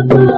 Oh,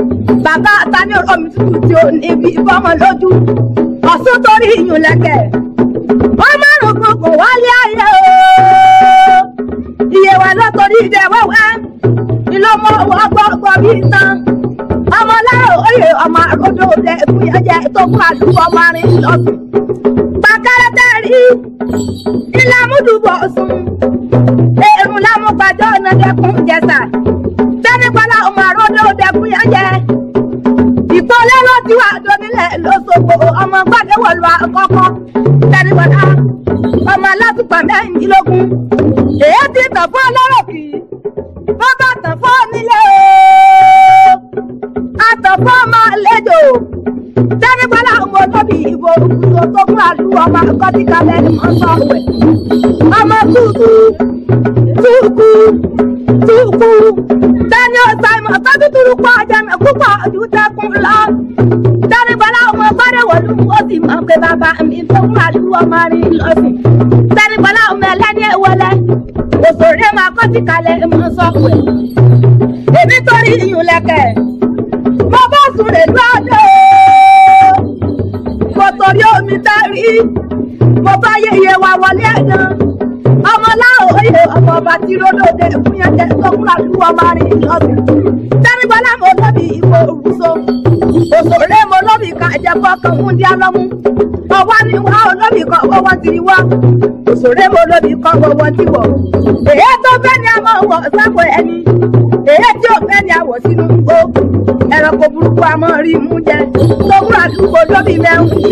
bàbá àtàní omi tútù tí ó ní ibi ìbọmọ lójú ọ̀sùn torí iyùn lẹ́kẹ̀ ó márùn kan kò wálé ayé o iye wà lọ́tọ̀rí ìdẹ wẹ́wẹ́ ìlọ́mọ ọgbọ́gbọ́ bíi tán ọmọ láàrọ̀ oyè ọmọ àròdò rẹ̀ ìfúyẹ́jẹ tó fún àdúgbò ọmọ rìn lọ́sùn pàkẹ́rẹ́tẹ́ rí ilé amúdùbọ̀ sùn èrùn lámúgbàjọ́ ọ̀nà jẹsà tẹ́nipọ́lá ọmọ àròdò rẹ̀ ìfúyẹ́jẹ wá donílẹ̀ lọ́sọ̀gbọ̀ ọmọ gbàdéwọ̀lù àkọ́kọ́ tẹ̀lébọ̀dá ọmọ alátùpà mẹ́rìndínlógún èyí ti tàn fún ọlọ́rọ̀ kì í bó bá tàn fún onílé o àtàn fún ọmọ àlejò tẹ̀lébọ̀dá ọmọ olóbì ìbò òkúso tó kún àlù ọmọ akọ́tíkà mẹ́rin ọ̀sán ọ̀wẹ̀ ọmọ túkú túkú túkú tẹ́ni ọ̀sán ìmọ̀ sọ́dún túrú pọ̀ ọjà mẹ́kú pọ̀ ọdún tẹ́kùn lọ ọ̀pẹ bàbá mi tó ń pariwo ọmọ rí lọ́sìn. sẹ́ni bọ́lá ọmọ ẹlẹ́ni ìwọlé òṣèré máa kọ́ sí kalẹ̀ mọ́ sọ́wọ́ ẹ̀ ibi tó rí iyùn lẹ́kẹ̀ mo bá sùn rè lọ́dọ̀ mo torí omi dárí mo bá yẹyẹ wa wọlé ẹ̀nà ọmọláwọ̀ oyè eh, eh, ọmọ ọba tí rólóde fún yẹn tó kúrò lúwọ́ máa rìn lọ́sìn. sẹ́ni bọ́lá mo lọ́bi ìwọ òrùsọ òṣèré oh, m eh, ka ìjẹ̀bú kan mú di alọ́mú ọwọ́ ni kan wọ́wọ́ ti wọ́ òṣèré kan wọ́wọ́ ti wọ̀ èyí tó fẹ́ ni a ẹni tí ó fẹ́ ni a ẹranko burúkú a jẹ